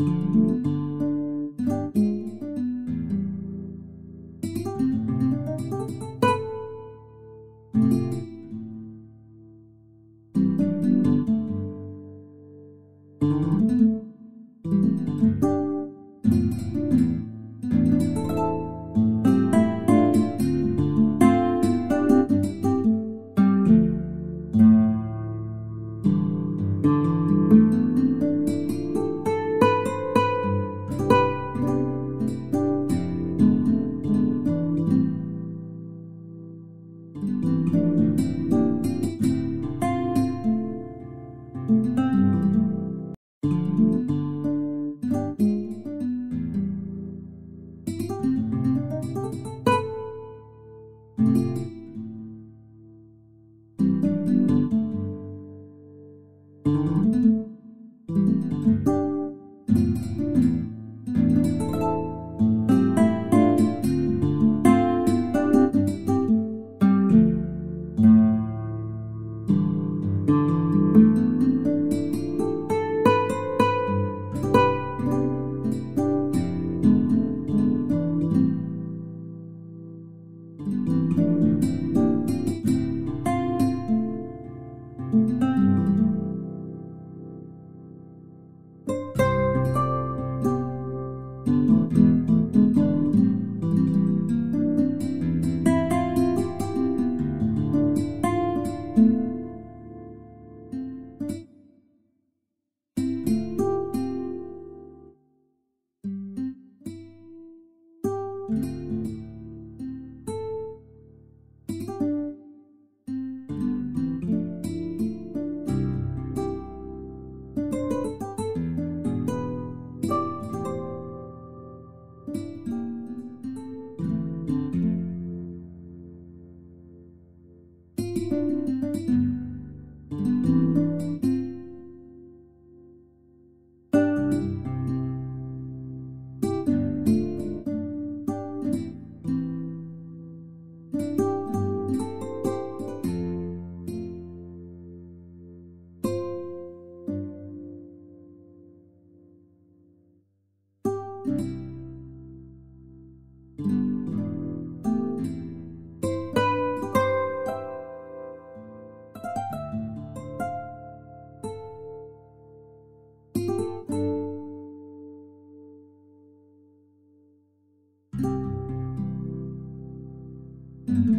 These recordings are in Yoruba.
Música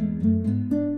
うん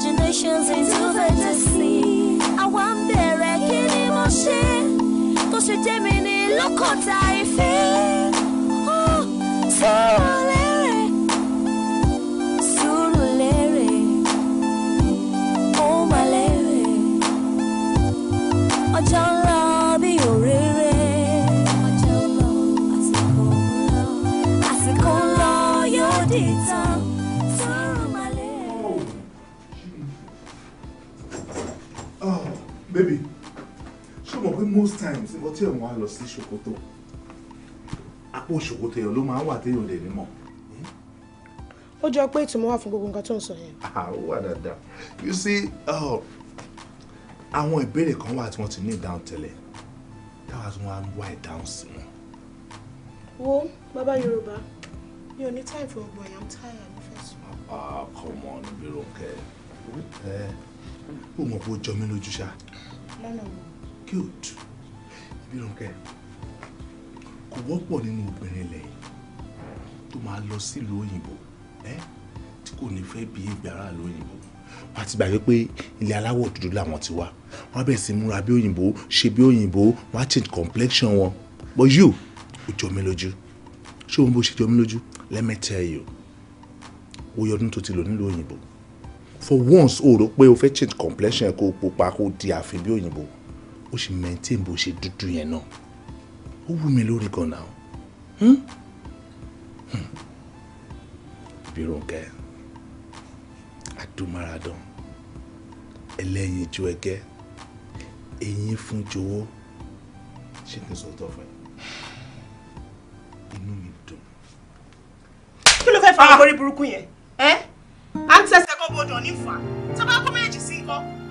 imaginations into fantasy. Àwa ń bèrè kí ni mo ṣe tó ṣe jẹ́ mi ní lọ́kọ̀tà ìfẹ́. Tí wọ́n lè. tí òun á lọ sí ṣòkòtò àpò ṣòkòtò èèyàn ló máa ń wà téèyàn lè rí mọ̀. ó jọ pé ìtumọ̀ wà fún gbogbo nǹkan tó ń sọ yẹn. ó wà dáadáa you see um, àwọn ìbéèrè kan wà tí wọ́n ti ní ìdáhùn tẹ́lẹ̀ táwa tí wọ́n á wá ìdáhùn sí wọn. wo bàbá yorùbá mi ò ní time for ọgbọ̀n yẹn i'm tired mo fẹ́ sùn. ah come on Bírónkẹ́ ẹ ó mọ̀ pé ó jọ mí lójú ṣá. lọ́nà wo. cute. Ìrọ̀kẹ́ kò wọ́pọ̀ nínú obìnrin ilẹ̀ yìí tó máa lọ sílùú òyìnbó tí kò ní fẹ́ bí ìgbà ara lóyìnbó wọ́n á ti gbàgbé pé ilé aláwọ̀ dúdú làwọn ti wá wọ́n bẹ̀rẹ̀ sí múra bí òyìnbó ṣe bí òyìnbó wọ́n á change complexion wọn but you ò jọ mí lójú ṣé òun bó ṣe jọ mí lójú let me tell you wo yọdún tó ti lò nílùú òyìnbó for once o rò pé o fẹ́ change complexion kó o pupa kó o di àfi bí òyìnbó ó sì maintain bó ṣe dúdú yẹn náà ó wú mi lórí gan náà hmm? Hmm. Bírónkẹ́ adúmáradán ẹlẹ́yin ju ẹgẹ́ eyín fún jowó ṣé kí n sọ tọ́ fún ẹ inú mi dùn. kí ló fẹ́ fa àwọn ah! orí burúkú yẹn ẹ́ à ń tẹ́sẹ̀ kọ́ bọ́dọ̀ ní fa tí a bá kọ́ méjì sí nǹkan.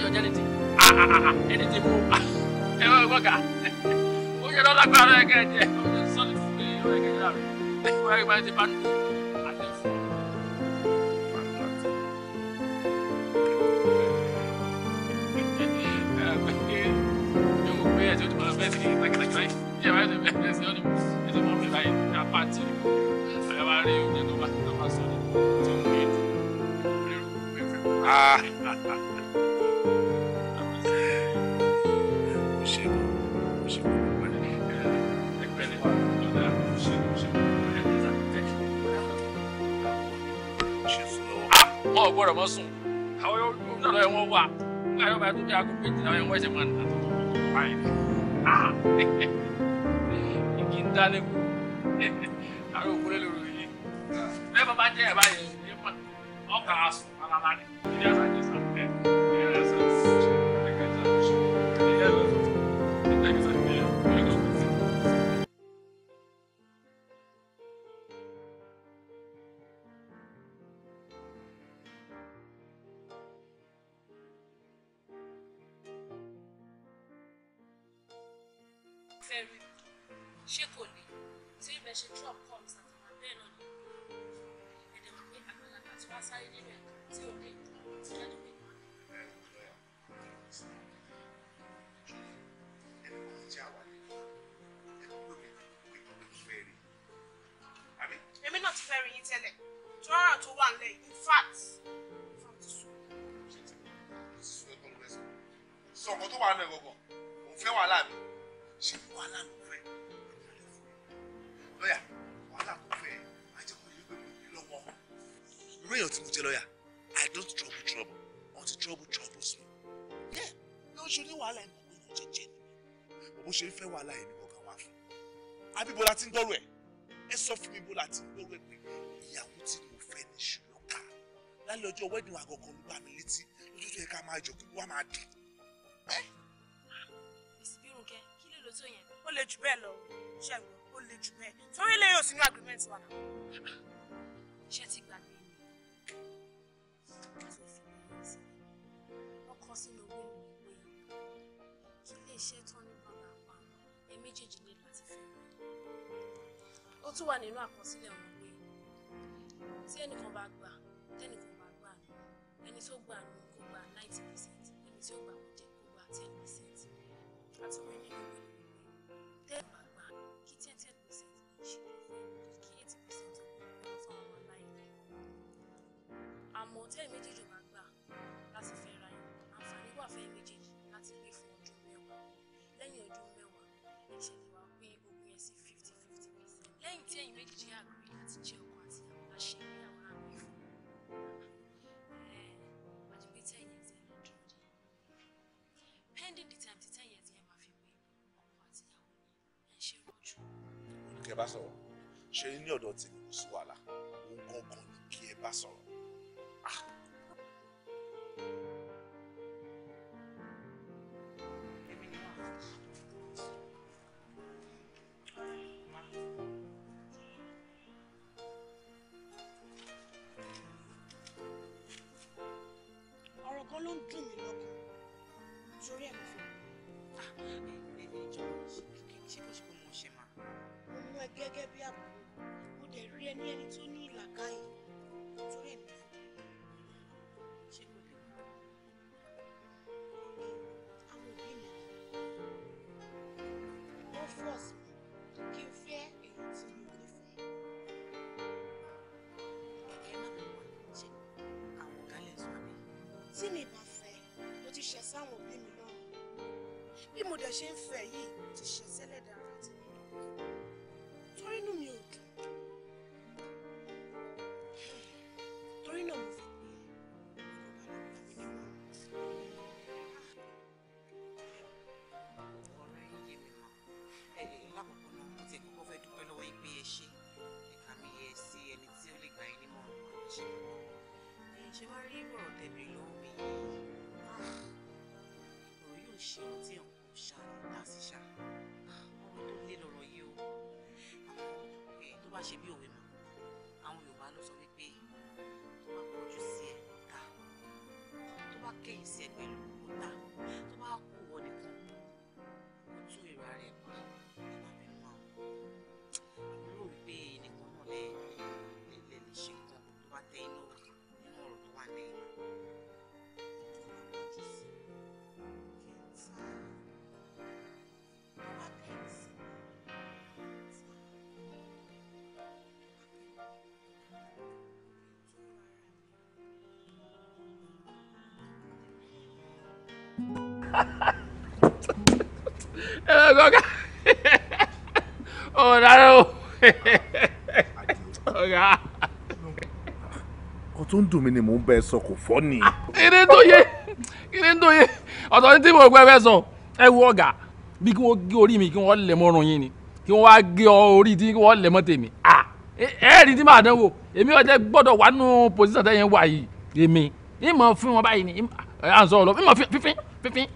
I'm I'm I'm I'm I'm I'm I'm I'm mi lọ jẹ́ ní ti ẹni tí mo ẹ I'm gbọ́ ká ó yẹ lọ́dọ̀ gbà lọ́yẹ kẹ́ ẹ jẹ́ ó yẹ sọ́ọ̀lì fún mi ó yẹ kẹ́ ẹ jẹ́ àrùn ó yẹ kẹ́ ẹ jẹ́ bá nù. Yeah, right. It's a moment, right? wode akɔpɛgyina yang wɔhyɛ ma nna ɛkinta ne ku arokulele yi mɛ baba nkyɛ yɛ ba yɛ bó ṣe ń fẹ́ wàhálà ẹni mo kàn wá fún àbí bó la ti ń dọ́rọ̀ ẹ̀ ẹ sọ fún mi bó la ti ń dọ́rọ̀ ẹ̀ pé ìyàwó tí mo fẹ́ ní ṣùlọ́kà lálẹ́ ọjọ́ wẹ́dìn àgọ̀kan ló bá mi létí lójú tó yẹ ká máa jọ kí wọ́n máa dùn. ìsìbírùnkẹ́ kí lè lótó yẹn ó le jù bẹ́ẹ̀ lọ ṣẹ́gun ó le jù bẹ́ẹ̀ torí lè yóò sínú agreement ṣé ti ni ẹ méjèèjì ní láti fẹ́ mi ó tún wà nínú àkọsílẹ̀ ọ̀rọ̀ pé tí ẹnìkan bá gbà tẹnìkan bá gbà ní ẹni tó gbà ní kó gba ninety percent ẹni tí ó gbà kó gba ten percent àti wọ́n nínú ni pé tẹ́ bá gbà kí ten ten percent ìṣirò fún kí eighty percent ọ̀gbìn fún àwọn aláìní àmọ́ méjì àgbè láti jẹ́ ọkọ àti àwọn aṣèré àwọn àmì fún wájú pé ten years ẹ̀ lọ́dún yìí pending the time ti ten years yẹn máa fi pé ọkọ àti ìyàwó ni ẹ̀ ń ṣe rọ́jú. olùkẹ́ bá sọ̀rọ̀ ṣe ní ọ̀dọ̀ tèmi kò sí wàhálà òun gangan ni kí ẹ bá sọ̀rọ̀ ah! sórí ẹ̀ ló fi wù. Ah, ṣé kò sí pé mo ṣe mà. mo mú ẹ gẹ́gẹ́ bí àbúrò mo dẹ̀ rí ẹ ní ẹni tó ní ìlàkàyè sórí ẹ̀mí fún mi. ṣé kò lè wù. àwọn òbí mi wọ́n fọ́ọ̀sì mi kí n fẹ́ èyí tí mi ò ní fẹ́. ẹ má bẹ̀rù wá ṣe àwọn ọ̀gá lè tí mi bá fẹ́ mo ti ṣẹ̀ sáwọn òbí mi lọ bí mo dẹ̀ ṣe ń fẹ́ yìí ti ṣe sẹ́lẹ̀dá má ṣe bí òwe mọ́ àwọn Yorùbá ló sọ wípé tó bá kọjú sí ẹ ta tó bá kẹ́yìn sí ẹ pẹ̀lú ẹ lọ sọ́gà ọ̀ rárá o ọ̀gá. ọkọ tó ń dùn mí ni mò ń bẹ sọ kò fọ́ ni. kíni tó yé kíni tó yé ọ̀tọ̀ ní tí mo gbẹ fẹ́ sọ ẹ wú ọ̀gá bí kí wọ́n gé orí mi kí wọ́n lẹ̀ mọ́rùn yín ni kí wọ́n wá gé orí tí kí wọ́n lẹ̀ mọ́ tèmi ẹ̀ẹ́dì tí màá dánwò èmi ọ̀jẹ̀ gbọ́dọ̀ wà nù pòsíṣàn tẹ́yẹn wà yìí èmi ìmọ̀ fún wọn báyìí ni à ń sọ ọ lọ ìmọ̀ fífín fífín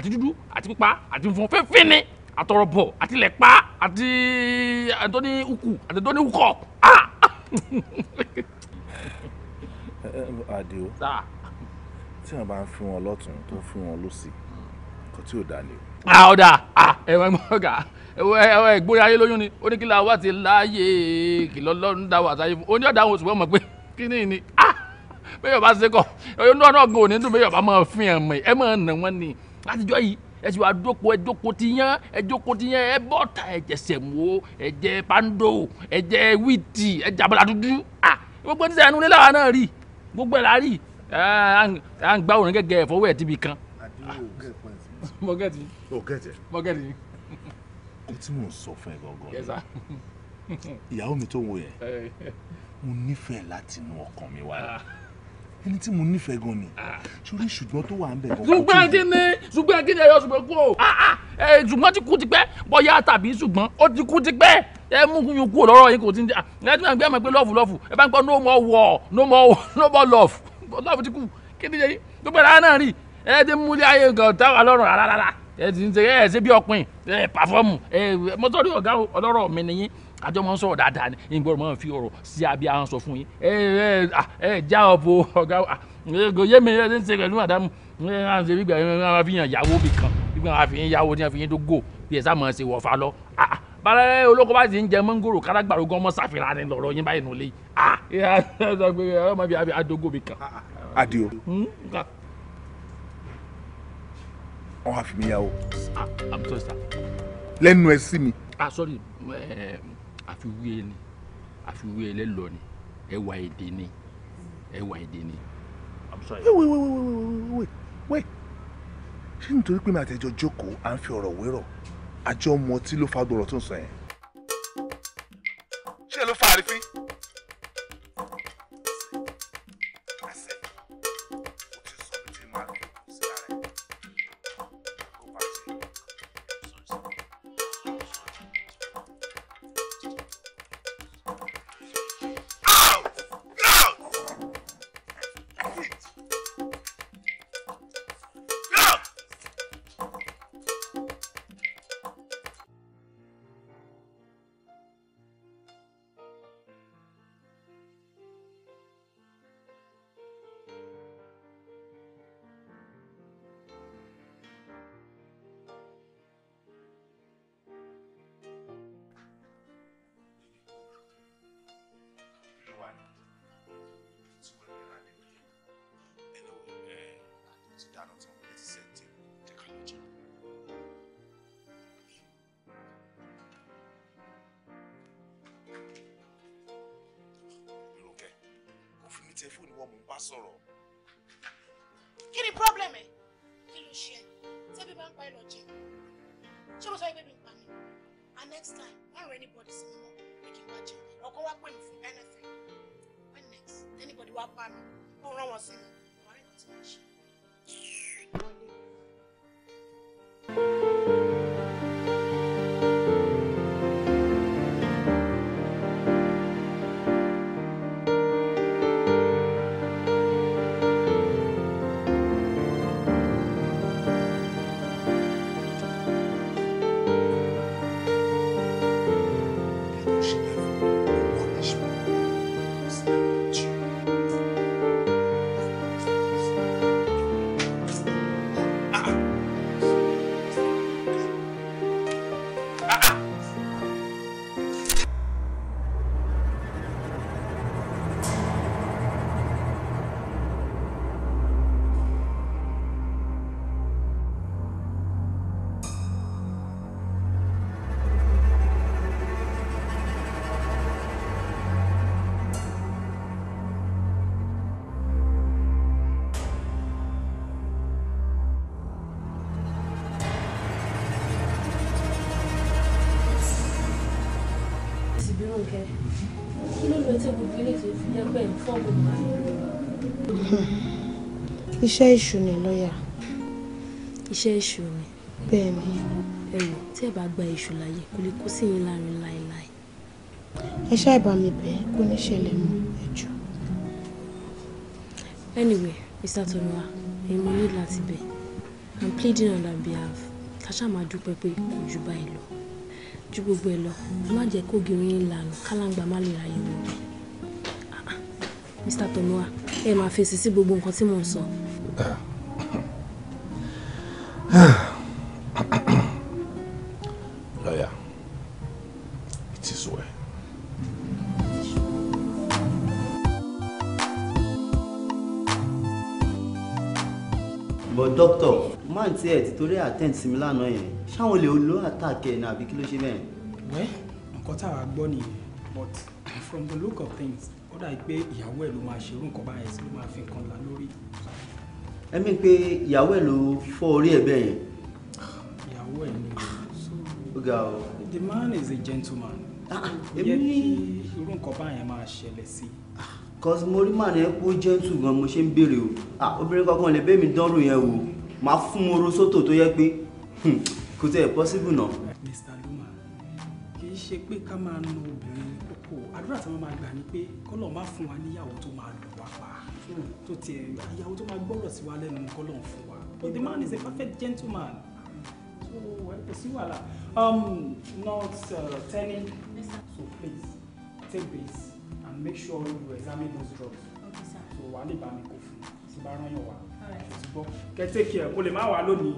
àti dúdú àti pupa àti funfun fínfínni àtọ̀rọ̀bọ̀ àti lẹ̀pa àti àtọ́ní eh, ukù àti àtọ́ní ukọ̀ a. Ah! àdìo tí wọn bá ń fi wọn lọ́tún tó ń fi wọn lọ́sì kò tí ò dá ni. ọ̀dà ẹ̀wọ̀n ẹ̀mọ́gà ẹ̀wọ̀n ẹ̀gbórí ayé lóyún ni ó ní kí la wá ti láàyè kìlọ̀ lọ́run dá wà sáyé fún un ó ní ọ̀dà àwọn òṣùpá mọ̀ pé kí ni ni ah! bẹ́ẹ̀ yóò bá ṣe kọ̀ ọ̀yọ́ náà náà gò ní dùn bẹ́ẹ̀ yóò bá máa fi hàn mọ́ ẹ̀ ẹ̀ máa nà wọ́n ni látijọ́ yìí ẹ ti wá dóko ẹ dóko ti yán ẹ dóko ti yán ẹ bọ́ta ẹ jẹ sẹ̀mó ẹ jẹ pando ẹ jẹ wíìtì ẹ jẹ abala dúdú à ah, gbogbo ẹni sẹ́yìn nílẹ̀ àwọn náà rí gbogbo ẹ̀ la rí ah, à ń gbá òrùn gẹ́gẹ́ ẹ̀fọ́wọ́ ẹ̀ tibì kan. mọ̀gẹ́tì o tí mò ń sọ fún ẹ gangan ìyàwó mi tó wo yẹn eh. mo nífẹ̀ẹ́ látinú ọkàn mi wá ẹni tí mo nífẹ̀ẹ́ gan ni ah. sórí ṣùgbọ́n tó wà ń bẹ̀ kọ́kọ́ tó ṣùgbọ́n kí ni ṣùgbọ́n kí ni ẹ̀yọ́ ṣùgbọ́n kú o ah, ah, eh, ṣùgbọ́n ti kú ti pẹ́ bọ́yá tàbí ṣùgbọ́n ó ti kú ti pẹ́ ẹ mú yín kú lọ́rọ̀ yín kò ti ń jà ẹ ti máa gbé ẹ máa gbé lọ́ọ̀fù lọ́ọ̀fù ẹ bá ń gbọ́ no more war no more no more love lọ́ọ̀fù ti kú kí ni yẹn tó gbẹ̀rẹ̀ náà rí ẹ ti mú ilé ayé nǹkan tá wà lọ́rùn rárá ẹ ti ń ṣe ẹ ṣe bí ọpin ẹ pàfọ́ọ̀mù ẹ mọ́tò rí ọ̀gá ọlọ́rọ̀ mi nìyí àjọ mọ ń sọ̀rọ̀ dáadáa ni ìgbọràn mọ fi ọ̀rọ̀ sí abí ahọ́n sọ fún yín ẹ ẹ ẹ já ọbọ ọgá ẹgò yé mi ẹ ń ṣe pẹ̀lú àdámù ẹ ń ṣe gbígbà ẹ máa fi yàn yàwó bì kan gbígbà máa fi yàn yàwó ní àfi yín tó gò bí ẹ sá máa ṣe wọ̀fà lọ balẹ̀ olóko bá ti ń jẹ mọ́ngòrò kárágbàrò gan ọmọ sàfihàn ni lọ́rọ̀ yín báyìí nulẹ̀ yìí ẹ máa fi adogo bì kan. adio hmm, wọn á fi mi yà o lẹ́nu ẹ sí mi. ah sorry. Uh, àfiwé ni àfiwé ẹlẹ́lọ ni ẹwà ni ẹwà èdè ni. I'm sorry. wait wait wait wait wait wait ṣé nítorí pé mi àtẹ̀jọ jókòó à ń fi ọ̀rọ̀ wérọ̀ àjọ ọmọ tí ló fa gbọ̀rọ̀ tó ń sọ yẹn. ṣé ló fa àrífín. tẹ fóònù wọn mò ń bá sọ̀rọ̀. kí ni problem ẹ kí ló ṣe ẹ tẹbi bá ń pa ẹ lọ jẹ ṣé mo sọ pé mi ń pa mi and next time wọn rẹ anybody sí mi mọ pé kí n wá jẹ ọkọ wa pè mí fún anything when next anybody wá pa mi kó rán wọn sí mi wọn rí nǹkan tí wọn ṣe. Fúnkẹ́ kí ló lọ tí gbogbo ilé tó fi jẹ́ pé nǹkan kò máa ń lò. iṣẹ́ èṣù ni lọ́ọ̀yà. iṣẹ́ èṣù ni. bẹ́ẹ̀ ni. ẹ̀wọ̀n tí ẹ bá gba èṣù láàyè kò lè kó sí yín láàrin láéláé. ẹ ṣáà bá mi bẹ́ẹ̀ kó ní ṣẹlẹ̀ mọ́ ẹ anyway Mr. Tonua èmi mo ní láti bẹ̀ I'm pleading on their behalf ká ṣáà máa dúpẹ́ pé kò jù báyìí lọ ju gbogbo ẹ lọ ẹ má jẹ́ kó gírí yín lànà kálàǹgbà má lè ráyè wọ̀ bẹ́ẹ̀ Mr. Tomiwa ẹ máa fèsì sí gbogbo nǹkan tí mò ń sọ. Ah, ah. torí attend sí mi lánàá yẹn ṣáwọn olè ló attack ẹ̀ náà àbí kí ló ṣe bẹ́ẹ̀. wẹ́ nǹkan tá a gbọ́ nìyẹn but from the look of things ó dà pé ìyàwó ẹ̀ ló máa ṣerú nǹkan báyẹn sí ló máa fi nǹkan là lórí. ẹ mi pé ìyàwó ẹ̀ ló fọ́ orí ẹ̀ bẹ́ẹ̀ yẹn. ìyàwó ẹ̀ ni ó the man is a gentleman. Ah, ah, èmi ní irú nǹkan báyẹn máa ṣẹlẹ̀ sí i ah, cause mo rí màá ní ẹ kó gentle gan mo ṣe ń béèrè o obìnrin kankan lè bẹ́ẹ̀ mi dánrò yẹn wò máa fún oró sótò tó yẹ pé hmm, kò tẹ̀ possible náà. Mr. Luma kì í ṣe pé ká máa na obìnrin kókó àdúrà tí wọ́n máa gbà ni pé kọ́lọ̀ má fún wa níyàwó tó máa lù wá pa hmm. tó tiẹ̀ ìyàwó tó máa gbọ́rọ̀ sí wa lẹ́nu kọ́lọ̀ fún wa but the man is a perfect gentleman so kò sí wàhálà um, not uh, turning so please take this and make sure you examine those drugs so wàá lè bá mi kó fún un tí bá rán yàn wá ṣùgbọ́n kẹ́ take care mo lè má wà lónìí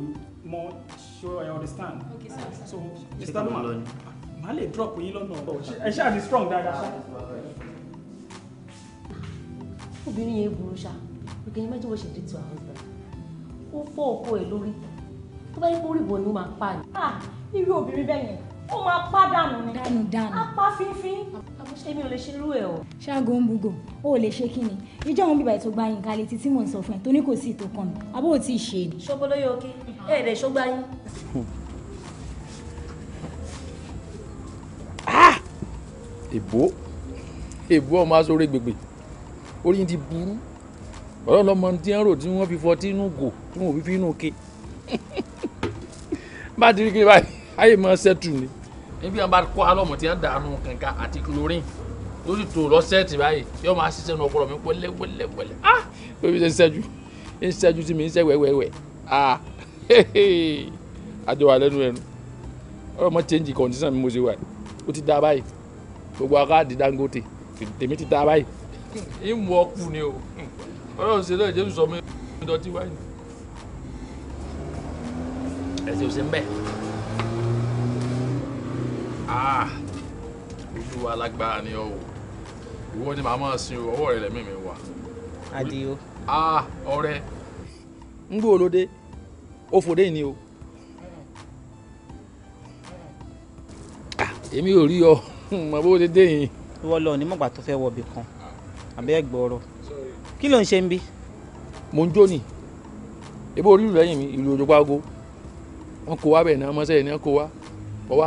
mo sure I understand so mr luma má lè drop yín lọ́nà ẹ ṣáà di strong dáadáa. obìnrin yẹn burú ṣá you can imagine what she did to her husband ó fọ́ ọkọ ẹ̀ lórí tó bá yẹ kó rí ìbọn ni ó máa pa ni. Ah, irú obìnrin bẹ́ẹ̀ yẹn ó máa pa dànù ni dànù dànù á pa fínfín èmi ò lè ṣe irú ẹ o. ṣáàgó ń bugò ó ò lè ṣe kí ni ìjọ òun bíbá ètò gba yín kalẹ̀ títí mò ń sọ fún ẹ tó ní kò sí ètò kan mi àbó ò tí ì ṣe ni. ṣọbọ ló yẹ oke ẹ ẹ lè ṣọgbà yín. Ah! èbó èbó ọmọ asọ̀rọ̀ gbègbè orí ti burú ọ̀rọ̀ lọmọ tí ń rò tí wọ́n fi fọtí inú gò tí wọ́n fi ke bá ti rí kí ni báyìí ayé máa ṣẹ́tù ni níbi àwọn bá kó alọ́mọ tí wọ́n dànù kankan àti chlorine ló sì tó lọ́sẹ̀ẹ̀tì báyìí yóò máa ṣiṣẹ́ nu ọpọlọ mi pẹ́lẹ́pẹ́lẹ́pẹ́lẹ́ ah bébí ṣe ń ṣẹ́jú ń ṣẹ́jú sí mi ń ṣẹ́ wẹ́wẹ́wẹ́ ah àjọwà lẹ́nu ẹnu ọ̀rọ̀ mọ́ change condition mi mo ṣe wà ó ti da báyìí gbogbo akáàdì Dangote tèmi ti da báyìí. ìmú ọkù ni o ọlọ́run ṣe lọ́ọ̀ jésù sọ mi ìdọ̀tí wáyé. ẹ̀sìn ò ṣe ń bẹ́ẹ̀. Ah, olúwa alágbára ni ọ ni màá máa sin ọwọ́ rẹ lẹ́mí mi wà. Àdìó. Ah, ọ̀rẹ́. ń gbé olóde òfòdé ni o. Emi ah, ò rí ọ hmm, mọ bó de dé yìí. ìwọ lọ kan àbẹ́ ẹ̀gbọ́rọ̀ kí ló ṣe mo ń ni ebo mi wa wa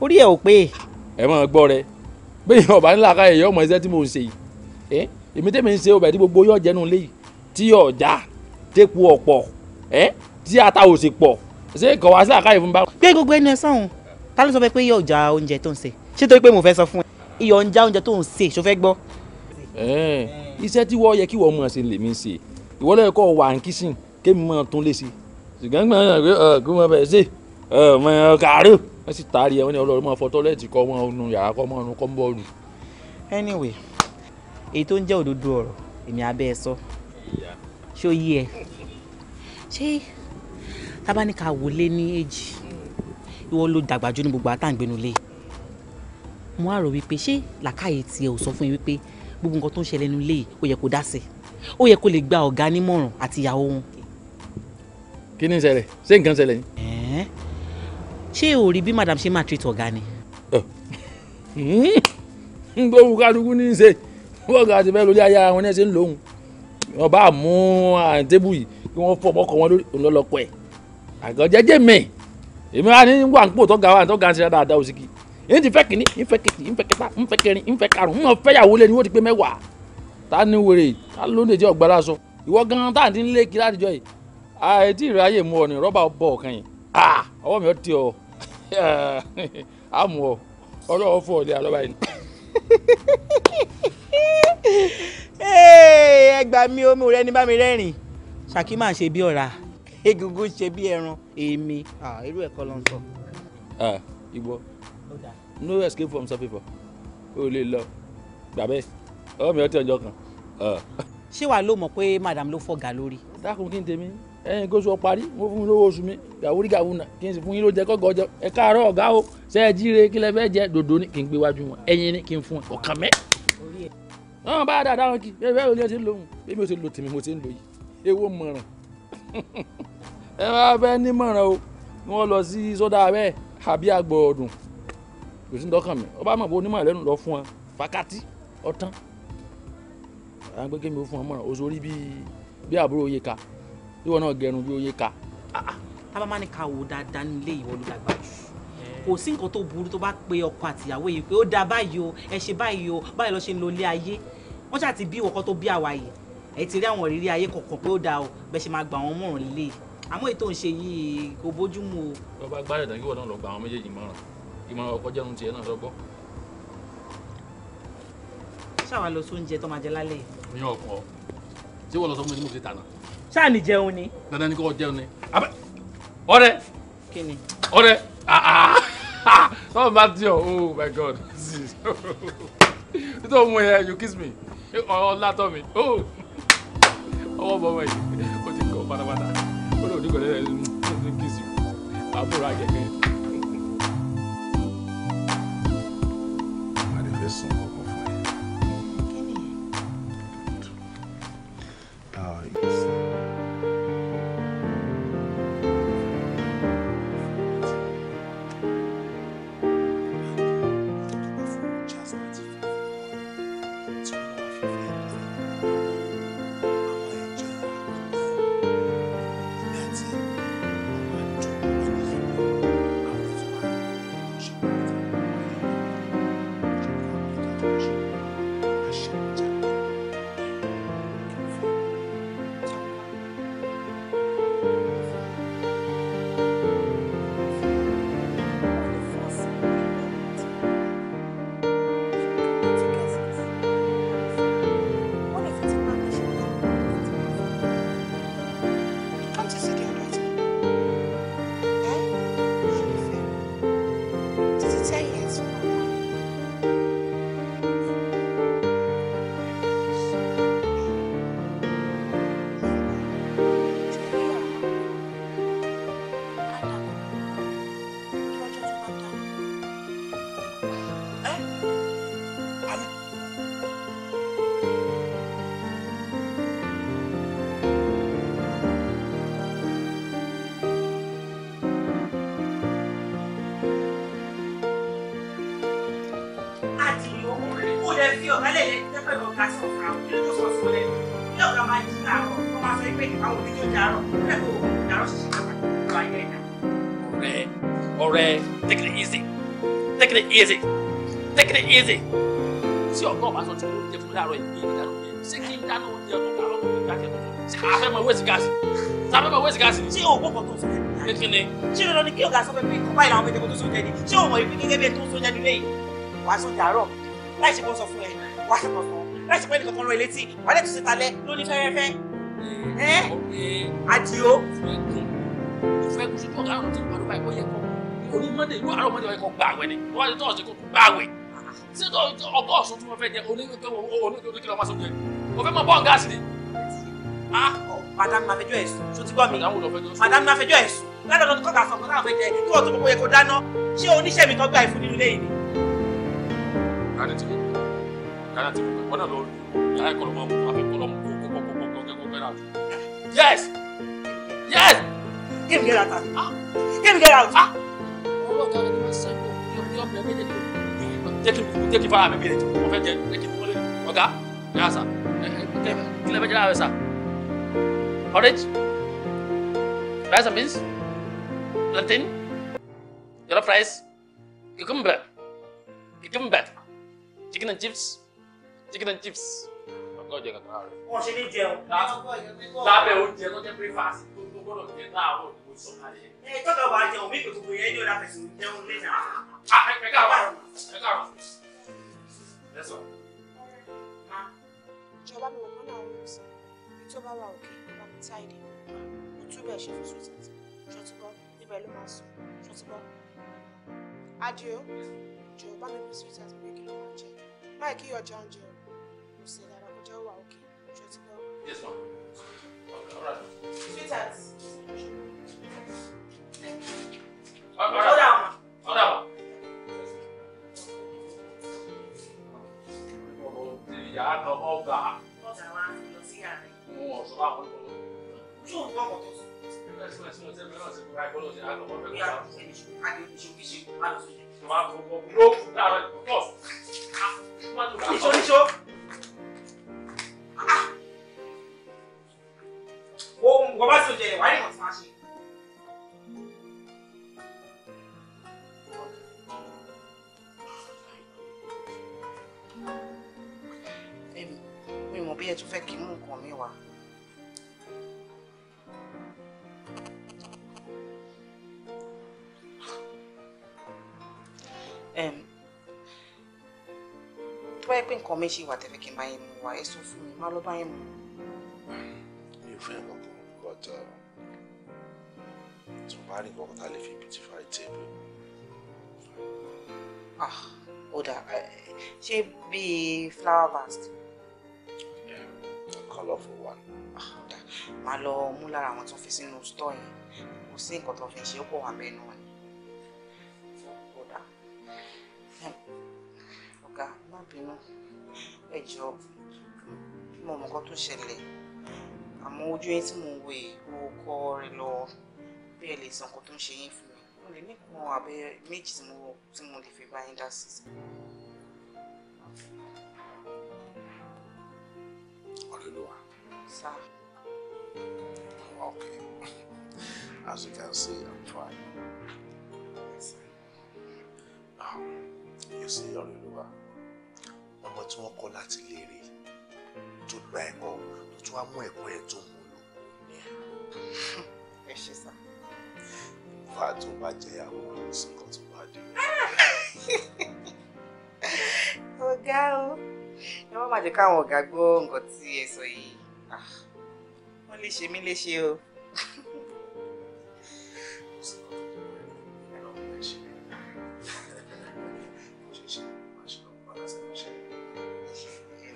orí ẹ̀ ò pé. ẹ mọ̀ gbọ́ rẹ bẹ́ẹ̀ yẹn ọ̀bá nílà káyọ̀ ọmọ iṣẹ́ tí mo ń ṣe yìí èmi tẹ́mi ń ṣe ọbẹ̀ tí gbogbo yọ̀ jẹ́nu lé yìí tí ọ̀já tẹ́kù ọ̀pọ̀ tí ata ò sì pọ̀ ṣé ìkọ̀ wá sí àkáyọ̀ fún bá. gbé gbogbo ẹnu ẹ sọ̀hún ta ló sọ pé yọ̀ ọ̀já oúnjẹ tó ń ṣe ṣé torí pé mo fẹ́ sọ fún ẹ iyọ̀ ń já oúnjẹ tó ń ṣe ṣó fẹ́ gbọ́. iṣẹ́ tí wọ́n yẹ kí wọ́n mọ̀ ṣe lèmi ṣe ìwọ́lẹ̀ kọ́ wà ń kíṣìn kémi mọ̀ tún lè ṣe ṣùgbọ́n gbọ́n náà kí wọ́n bẹ̀ ṣe ọmọ kàárẹ̀ wọ́n sì taari ẹ̀ wọ́n ní ọlọ́run máa fọ tọ́lẹ́ẹ̀tì kọ́ mọ́ ọ̀nù yàrá kọ́ mọ́ ọ̀nù kọ́ mọ́ ọ̀nù. anyway èyí tó ń jẹ́ òdodo ọ̀rọ̀ èmi abẹ́ ẹ sọ ṣó yí ẹ ṣé tábánikà wọlé ní èjì ìwọ ló dàgbà jù ní gbogbo àtàǹgbẹ̀nulẹ̀ mo á rò wípé ṣé làkàyè tiẹ̀ ò sọ fún yín wípé gbogbo nǹkan tó ń ṣẹlẹ̀ nílé yìí ó yẹ kó dá sí ó yẹ kó lè gba ọ̀gá nímọ̀ràn àti ìyàwó wọn. kí ni ń ṣé nǹkan ṣẹlẹ̀ ni ṣé o rí bí madam ṣe máa treat ọ̀gá ni. n tó wù kálukú ní í ṣe bọ́ọ̀gá àti bẹ́ẹ̀ lórí aya wọn náà ṣe ń lòun ọba àmú àǹtẹ́bù yìí kí wọ́n fọ ọmọkọ wọn lórí ọlọ́lọ́pọ̀ ẹ̀ àgọ́ jẹ́jẹ́ mẹ́ èmi wá ní wà ń pò tọ́ga wà tọ́ga ń ṣe dáadáa òsìkì èyí ti fẹ́ kìíní ń fẹ́ kìíní ń fẹ́ kẹta ń fẹ́ kẹrin ń fẹ́ karùn-ún mọ̀ fẹ́yàwó lé ní wọ́n ti pé mẹ́wàá ta ni wèrè ta ló lè jẹ́ ọ̀gbára sọ ìwọ gan-an tá à ń ti ń lé kí látijọ́ yìí àìtí ìráyè mu ọ̀ ní rọ́bà bọ̀ ọ̀kan yìí ọwọ́ mi ò tí ọ àmú ọ ọlọ́wọ́ fún ọ̀lẹ́ àlọ́ba yìí. ẹ gbà mí omi rẹ ní bá mi rẹ́rìn ṣàkí máa ṣe bí ọ̀rá egungun ṣe bí ẹran èmi irú ẹ̀kọ́ ló ń sọ. ìwọ no escape from some people o lè lọ gbà bẹ́ẹ̀ ọwọ́ mi ò tí ọjọ́ kan. ṣé wàá ló mọ̀ pé madam ló fọ̀gà lórí. dákun kí n tèmi ẹyin kó so parí mo fún mi lówó oṣù mi gàwúrí gàwúnà kí n sì fún yín ló jẹ kọgọ jẹ ẹ káàárọ̀ ọ̀gá o ṣe é jíire kí lẹ fẹ́ jẹ dòdò ni kí n gbé wájú wọn ẹyin ni kí n fún ẹ ọkàn mẹ. wọn bá dáadáa wọn kí ẹ fẹ́ olóyè ti ń lo òun èmi ò ti lo tèmi mo ti ń lo yìí ewo mọ̀ràn ẹ máa fẹ́ ní mọ̀ràn o ni wọ́n lọ sí sódà abẹ́ àbí àgbọ̀ ọ̀dùn kò sí dọ́kàn mi ọba mọ̀ bó onímọ̀ lẹ́nu lọ fún ọ fakati ọ̀tán à ń gbé kémi ó fún ọ mọ̀ràn oṣù orí bíi bíi àbúrò yìí ká ìwọ náà gẹrun bí ó yé ka. Ah, ah, tábà máa ní ká wò dáadáa nílé ìwọ ló dàgbà jù kò sí nǹkan tó burú tó bá pe ọkọ àtìyàwó yìí pé ó dáa báyìí o ẹ ṣe báyìí o báyìí lọ ṣe ń lo ilé ayé wọ́n ṣáà ti bí ìwọ̀kọ́ tó bí àwa yìí ẹ ti rí àwọn ìrírí ayé kọ̀ọ̀kan pé ó dáa o bẹ́ẹ̀ ṣe máa gbà wọ́n mọ̀ràn lé e. àmọ́ ètò ń ṣe yìí kò bójúmu o. bí wọ́n bá gbá ẹ̀dá kí wọ́n náà lọ gba àwọn méjèèjì mọ̀ràn ìmọ̀ràn ọkọ jẹ́run tiẹ̀ náà lọ́gbọ́. ṣáà wá lọ sóúnjẹ tó máa jẹ lálẹ́ yìí. mi ò kọ́ ṣé wọ́n lọ sọ fún mi ní mo ti tà náà ṣáà ní jẹun ni. dandan ni kò jẹun ni ọ̀rẹ́ ọ̀rẹ́ Ah ah. dí ọ oh my god nítorí ohun ẹ̀ you kiss me ọ̀la tọ́ mi oh. ọwọ́ bọ́ ọmọ yìí ó ti kọ́ pátápátá ó lè òdìgbò lẹ́yìn ẹ̀rọ ní kiss you àbúrò àgẹ̀gẹ̀. Adé fẹ́ sùn kọ̀ọ̀kan fún ẹ. kéde tí ọgá ọba sọ ti mú oúnjẹ fún láàárọ̀ yìí ní ìdáná oúnjẹ ṣé kí n dáná oúnjẹ tó kà lọ́kùn mi láti ẹ̀kọ́ ṣé ká fẹ́ mọ wẹ́sì gáàsì ṣá fẹ́ wẹ́sì gáàsì ni. ṣé o tó sọ pé kí ni. ṣé lọ́dọ̀ ni kí ọ̀gá sọ pé pé kọ́pá ìlànà ọmọ ìjẹ́kọ̀ tó sóúnjẹ ni ṣé o mọ̀ ibi gẹ́gẹ́ bí ẹ tó sóúnjẹ nílé yìí wàá sóúnjẹ àárọ̀ láì ṣe kó sọ fún ẹ wàá sọ kọ̀ọ̀kan láì ṣe pé nìkan kan ṣé ọgbọ́ ọ̀sán tí wọ́n fẹ́ jẹ oníkìlọ̀ máa sọ̀tún ẹ̀ o fẹ́ mọ bọ́ọ̀ gáàsì ni. madame ma fẹjọ́ ẹ̀sùn tó ti gbọ́ mi madame ma fẹjọ́ ẹ̀sùn ládàá tó kọ́kà sọ̀kan láwọn fẹjẹ kí wọ́n tó gbogbo yẹ kó dáná ṣé oníṣẹ́ mi kan gbà ìfún nínú ilé yìí ni. rárá ti gbogbo rárá ti gbogbo ọ̀nà lọ yàrá ìkọlọmọ àfẹkọlọmọ kókókókókókókókókó yes yes. Get get out. Ah. Get him get out. Ah. Oh, God, my son. You're your baby jẹ́ kí jẹ́ kí fara mi bèrè mo fẹ́ jẹ jẹ́ kí wọlé ọ̀gá yà sà kí lè fẹ́ jẹ́ láàrẹ̀ sà porridge rice and beans plantain yellow fries cucumber cucumber chicken and chips chicken and chips ọgọ́ jẹ kankan rẹ. wọ́n ṣe ní jẹun. lábẹ́ oúnjẹ tó jẹ́ breakfast tó gbọ́dọ̀ jẹ láàárọ̀ ìwòsàn kálẹ̀. ẹ tọ́ka wàá jẹun mí kò tó bóyá ẹni ọ̀la fẹ̀sùn jẹun lẹ́nà. Ah, àpẹẹrẹ káwọn ẹ káàrọ̀ ẹ sọ. ìjọba mi ò mọ náà wa òkè bá mi tá ìdí ó túbọ̀ ẹ̀ ṣe fún sùn tàǹtì ṣọtúbọ̀ ibẹ̀ ló máa sùn mi mú sweet àti bẹ́ẹ̀kì ló máa jẹ báyìí kí ọjà ń jẹ mo sì dára kọjá Yes ma. All right. Sweet àti. Ọ̀dà ọ̀dà ọ̀dà. yàrá lọ ọgbà. ọ̀gá wa lọ sí yàrá rẹ̀. mo ò sọ àwọn olùkọ́ tó ń gbọ́ mọ̀tọ́ sí. ẹgbẹ́ tí mo ti mọ̀ tẹ́lẹ̀ náà ti fún àìkọ́ lọ́sẹ̀ àlọ́ wọn fẹ́ kọ́ àwọn. àdé ìṣòwò ìṣòwò máa lọ sójà. máa fọ fọ gúlóòfù láàárọ̀ ìpọ̀. níṣó níṣó. wọ́n ẹ tún fẹ́ kí n mú nǹkan mi wá. tó bá yẹ pé nǹkan mi ṣe wà tẹ́fẹ́ kí n bá yẹn mú wá ẹ sọ fún mi má lọ bá yẹn mú. mi ò fẹ́ kankan but uh, tí mo bá rí nǹkan tá a lè fi beautify table. ah ó dà ṣé bíi flower vase kan lọ fún wa. màá lọ mú lára àwọn tó fi sínú stọọ yẹn kò sí nǹkan tó fi ṣe ó pọ̀ wà mẹ́nu ẹ̀. ọ̀gá má bínú ẹ jọ̀ọ́ mo mọ nǹkan tó ṣẹlẹ̀ àmọ́ ojú yín tí mo wò yìí wo kọ́ rẹ lọ bí ẹ lè san nǹkan tó ń ṣe yín mi mo lè nìkan abẹ méjì tí mo lè fi bá yín dá Olúwa. Sir. Okay. As you can see, I'm fine. Yes, um, you see, Olúwa, ọmọ tí wọ́n kọ́ láti léèrè tó gba ẹ̀kọ́ to try wá mú ẹ̀kọ́ ẹ̀ tó mú lò ní ẹ̀. Ẹ ṣe sá. Fà tó bá jẹ́ ìyàwó ọ̀rọ̀ ẹ má má jẹ́ káwọn ọ̀gá gbọ́ nǹkan tí ẹ sọ yìí ah, wọ́n lè ṣe mí léṣe o.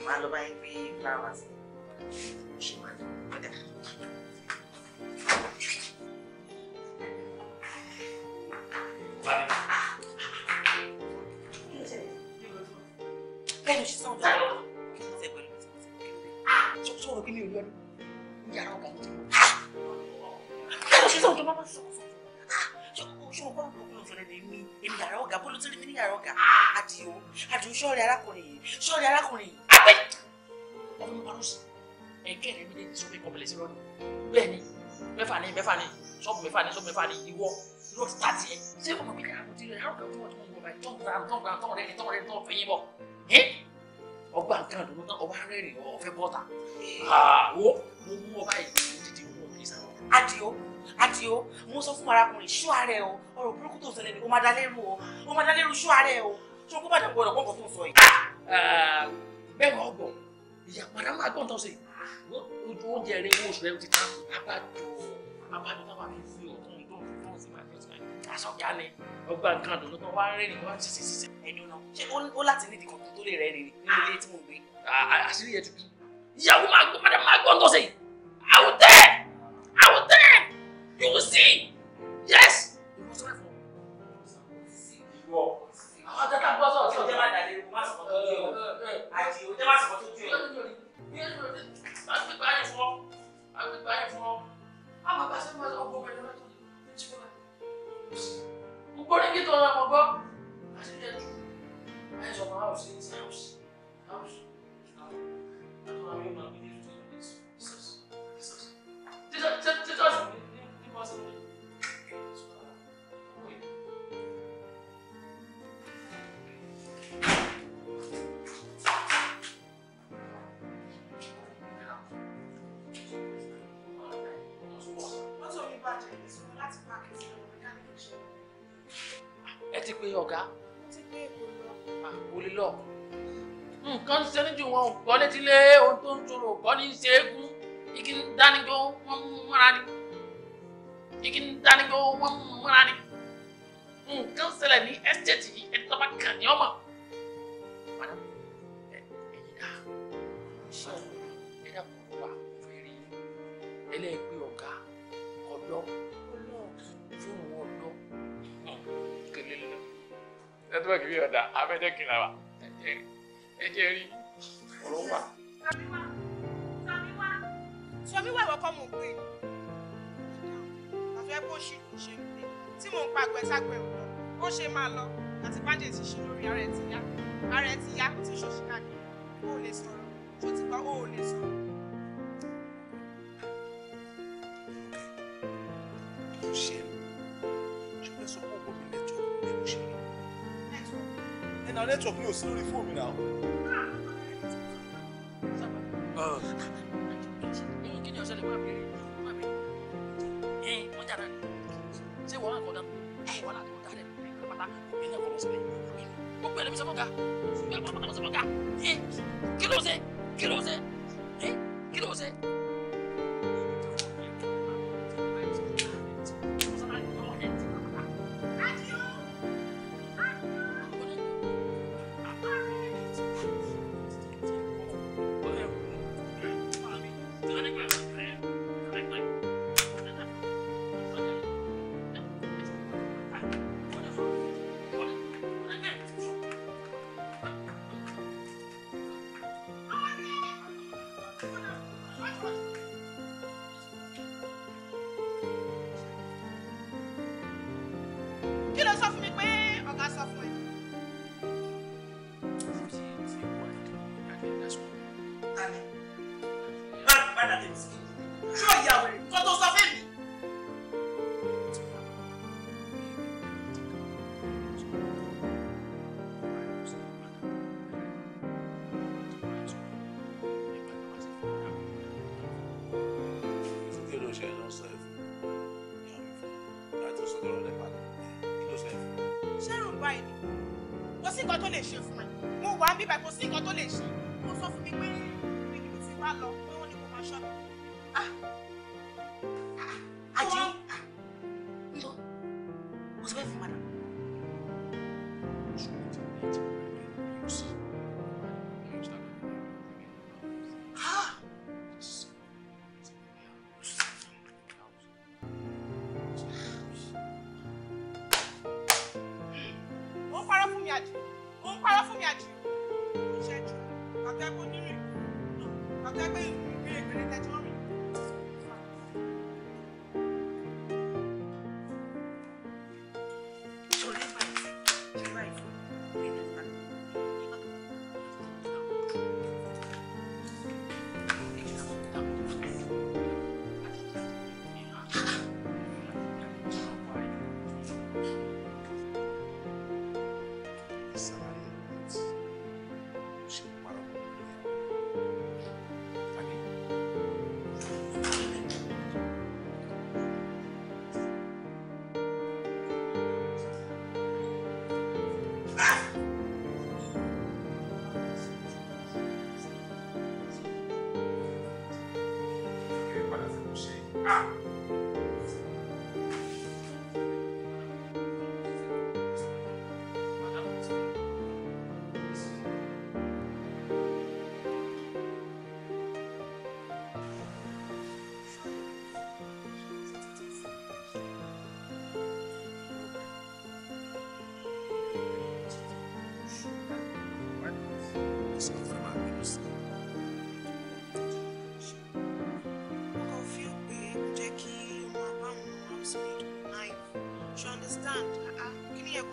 má lọ bá yín gbé flowers. bẹ́ẹ̀ ṣe sọ̀rọ̀ kí ló ṣe pẹ̀lú mi tí mo ti sọ̀rọ̀ kí mi ò yọnu ní yàrá ọ̀gá yìí kí ló ṣe sọ̀rọ̀ tó bá bá sọ̀rọ̀ sọ̀rọ̀ ṣé o bá ń bọ̀ kúrò fúnra mi èmi yàrá ọ̀gá bó ló ti rí mi ní yàrá ọ̀gá àdìo àdìo ṣọ́ọ̀rì arákùnrin yìí ṣọ́ọ̀rì arákùnrin yìí àbẹ́ ọdún parọ́ sí ẹ̀kẹ́ rẹ̀ mi lè sọ pé kọ́pẹ́lẹ́ sí lọ́nà bẹ́ẹ̀ ni mẹ́fà ni mẹ́fà ni ṣọ́ọ̀bù mẹ́fà ni ṣọ́ọ̀bù mẹ́fà ni ìwọ yóò ti tàtí ẹ ṣé ọmọ mi kà á kò tí ì rẹ̀ á kò tí wọ́n ti mú ìwọ báyìí tọ́ ọgbà nǹkan àdúgbò náà ọba rẹ́rìn ọ̀fẹ́ bọ́ta eh. àwọ mo mú ọba yìí dídì mú ọbí sáà adio adio mo sọ fún arákùnrin ṣú ààrẹ o ọ̀rọ̀ burúkú tó ṣẹlẹ̀ ni o máa dalérú o o máa dalérú ṣú ààrẹ o ṣé o kó bàjẹ́ gbọ́dọ̀ kọ́kọ́ tó ń sọ yìí. bẹ́ẹ̀ wọ́n gbọ́ ìyá padà máa gbọ́n tó ṣe oúnjẹ rẹ owó oṣù rẹ ti ta abájọ abájọ tábà fi ta sọ́jà ni ọgbà nǹkan àdùnnú tó wá ń rẹ́rìn wá ṣiṣẹ́ ṣiṣẹ́ ẹnu náà ṣé ó láti ní ìdìkan tó lè rẹ́rìn nínú ilé tí mo gbé àṣírí yẹn ti tú ìyàwó máa gbọ́ nggak ada bisa buka nggak pernah bisa buka eh kilo sih kilo sih eh kilo sih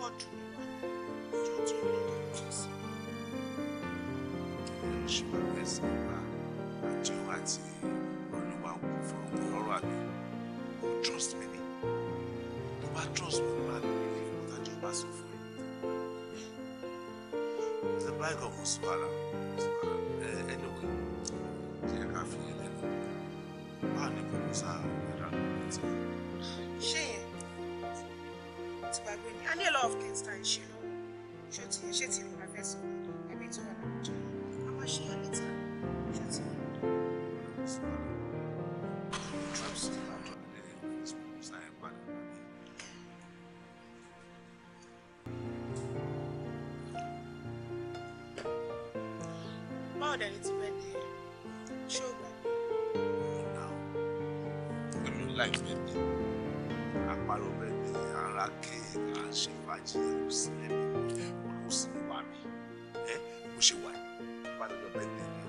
pọ̀ jù lọ tó ti rí ìrìnàjò sí. ṣùgbọ́n ẹ̀sìn ọba àjẹwò àti olúwa kò fọ òkú lọ́rọ̀ àbí kò trust me ni tó trust me máa ní ilé ìmọ̀tájọ́ bá sọ fún the bike of musbala anyway jẹ́ ká fi ẹ̀ lẹ́nu báà ní kò ti gbàgbé ni i need a lot of things tá à ń ṣe lọ́wọ́ ṣé ti ṣé ti lè fẹ́ sọ ẹbí tó wà láwùjọ a máa ṣe ẹni ta ṣé ti lè trust báwo dẹ̀ ni ti bẹ́ẹ̀ dé ṣé o gbàgbé. now èmi ń òkè à ń ṣe fàájì ẹ̀rù sí ẹ̀mí olówó sí mi wá mi ẹ bó ṣe wà bá lọ́jọ́ bẹ́ẹ̀ ní ẹ̀mí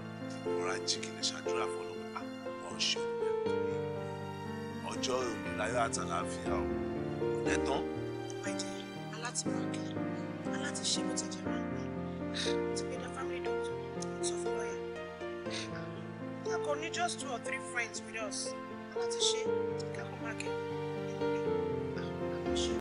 rọra chicken ẹ̀ ṣàdúrà fọlọ́wọ́ à wọ́n ṣe ọjọ́ òní láyọ̀ àtàlàáfíà ò lẹ́ tán. ọ̀pẹ̀dẹ̀ alátìmọ́kẹ́ alátiṣe mo ti jẹ́ ráńpẹ́ ti bí dọ́fà mi dọ́tò sọ fún lọ́yà. kò ní just two or three friends with us alátiṣe kẹ́kọ̀ọ́ mákẹ́. Thank you.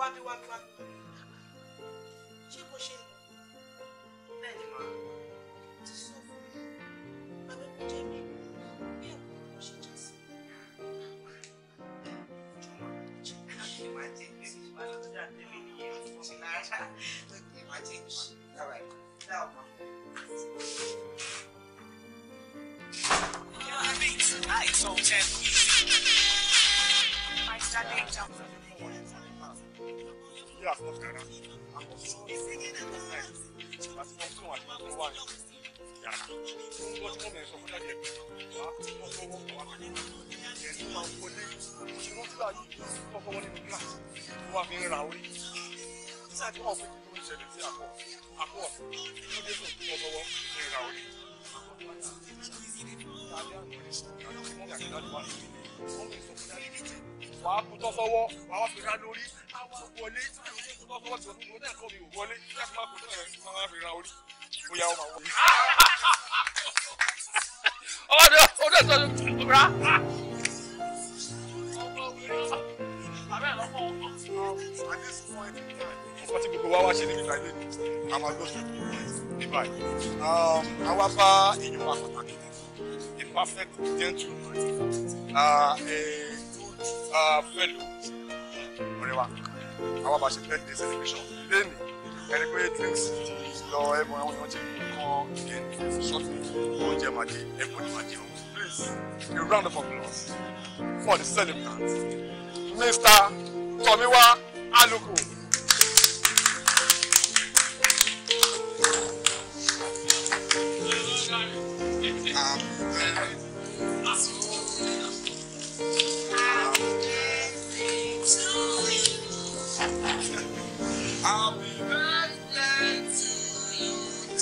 wá bí wá bí wá bí ṣé bó ṣe bẹ́ẹ̀ ni màá ti sọ fún mi bàbá kò mi bí èkó ló ṣe jẹ́ sí i. ìwà tí èmi ti wá lọ́dọ̀ àti èmi nìyẹn fún mi lára ìwà tí èmi ṣe dáwà ẹ̀kọ́ dáwà pa. Beats, I told Ted. My daddy jumped over there ní àkọsára àkọsọ ìfìdílé tó náà àti wọn fún àti wọn wà ní yàrá fún wọn tí wọn bẹ̀rẹ̀ sọ fún jáde ẹgbẹ́ wa wọn tó wọn kọ wá pẹ̀lú ìyẹn tó máa ń wọlé ṣé wọn fúlà yìí wọn fọwọ́ nínú kíláàsì tó wà fi ń ra orí sáà tí wọn fi kúrò ìṣẹ̀lẹ̀ sí àkọ àkọ tó dé fún tó fọwọ́ fi ń ra orí. Thank you wàá kú tọ́ sọ́wọ́ wàá fi ra lórí àwa wọlé tí wọ́n kú tọ́ sọ́wọ́ tí wọ́n kú tọ́ wọlé tí wọ́n kú tọ́ rẹ̀ wọ́n fi ra orí ó yà ọmọ wọlé. ọdọ ọdọ sọ ra. wọ́n ti gbogbo wá wá ṣe níbi ìlànà ìlú àwọn agbóṣe nígbà yìí. àwa bá èèyàn wa pàtàkì a perfect gentleman. Uh, a pẹ̀lú ah, ọ̀rẹ́ wa àwa bá ṣe birthday celebration lẹ́nu ẹni pé drinks lọ ẹ̀bùn àwọn èèyàn ti kọ́ gẹ̀ẹ́nì sọ́ọ̀tì oúnjẹ máa jẹ ẹ̀bùn ni máa jẹ please a round of applause for the celebrant Mr. Tomiwa Aluko. I'm very...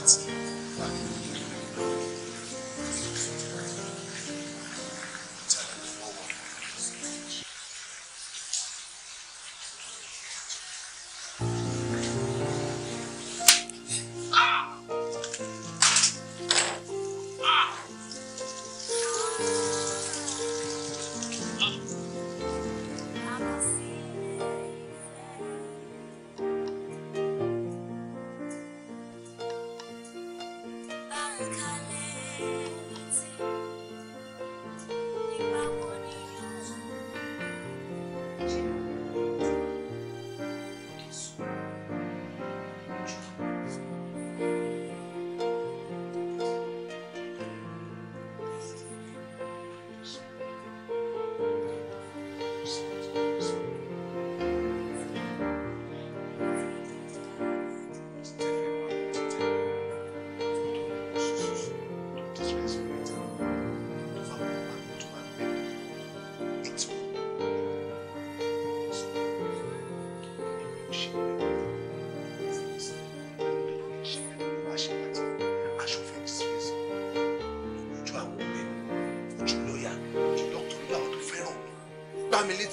heart Family.